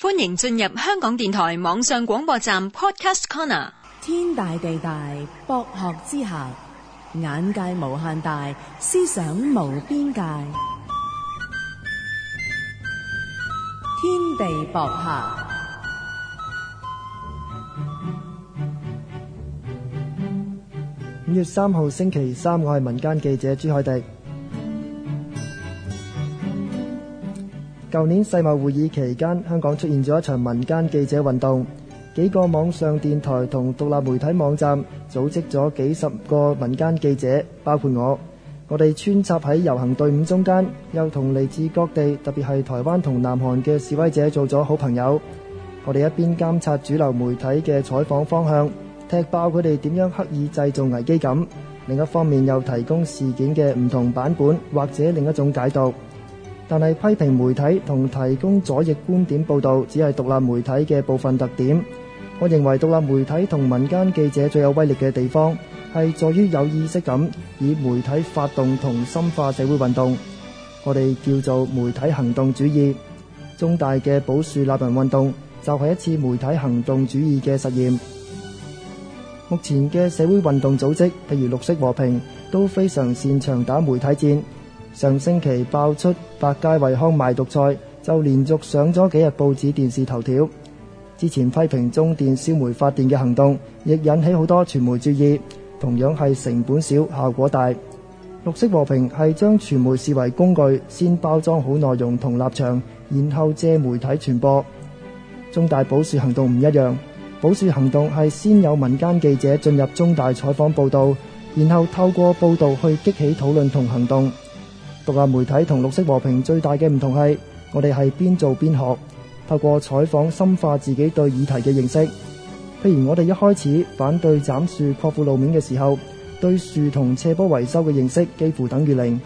歡迎進入香港電台網上廣播站 Podcast Corner。天大地大，博學之下，眼界無限大，思想無邊界。天地博客。五月三號星期三，我係民間記者朱凱迪。舊年世貿會議期間，香港出現咗一場民間記者運動，幾個網上電台同獨立媒體網站組織咗幾十個民間記者，包括我。我哋穿插喺遊行隊伍中間，又同嚟自各地，特別係台灣同南韓嘅示威者做咗好朋友。我哋一邊監察主流媒體嘅採訪方向，踢爆佢哋點樣刻意製造危機感；另一方面，又提供事件嘅唔同版本或者另一種解讀。但係批評媒體同提供左翼觀點報導，只係獨立媒體嘅部分特點。我認為獨立媒體同民間記者最有威力嘅地方，係在於有意識咁以媒體發動同深化社會運動。我哋叫做媒體行動主義。中大嘅保樹立人運動就係一次媒體行動主義嘅實驗。目前嘅社會運動組織，譬如綠色和平，都非常擅長打媒體戰。上星期爆出百佳惠康賣毒菜，就連續上咗幾日報紙電視頭條。之前批評中電燒煤發電嘅行動亦引起好多傳媒注意，同樣係成本少效果大。綠色和平係將傳媒視為工具，先包裝好內容同立場，然後借媒體傳播。中大保樹行動唔一樣，保樹行動係先有民間記者進入中大採訪報道，然後透過報道去激起討論同行動。獨立媒體同綠色和平最大嘅唔同係，我哋係邊做邊學，透過採訪深化自己對議題嘅認識。譬如我哋一開始反對斬樹擴闊路面嘅時候，對樹同斜坡維修嘅認識幾乎等於零。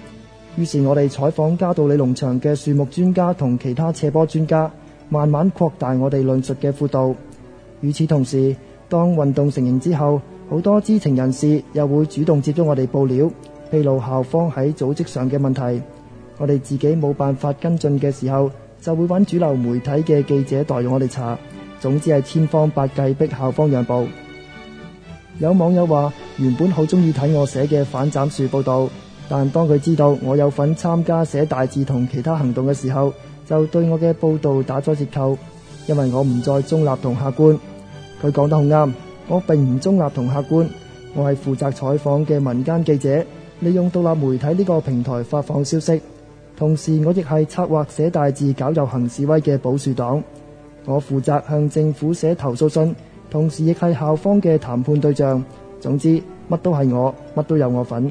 於是我哋採訪加道理農場嘅樹木專家同其他斜坡專家，慢慢擴大我哋論述嘅闊度。與此同時，當運動成型之後，好多知情人士又會主動接觸我哋報料。披露校方喺組織上嘅問題，我哋自己冇辦法跟進嘅時候，就會揾主流媒體嘅記者代我哋查。總之係千方百計逼校方讓步。有網友話：原本好中意睇我寫嘅反斬樹報導，但當佢知道我有份參加寫大字同其他行動嘅時候，就對我嘅報導打咗折扣，因為我唔再中立同客觀。佢講得好啱，我並唔中立同客觀。我係負責採訪嘅民間記者，利用獨立媒體呢個平台發放消息。同時，我亦係策劃寫大字、搞遊行示威嘅保樹黨。我負責向政府寫投訴信，同時亦係校方嘅談判對象。總之，乜都係我，乜都有我份。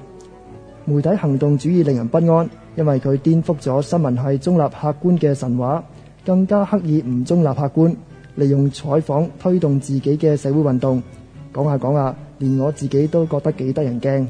媒體行動主義令人不安，因為佢顛覆咗新聞係中立客觀嘅神話，更加刻意唔中立客觀，利用採訪推動自己嘅社會運動。講下講下。連我自己都覺得幾得人驚。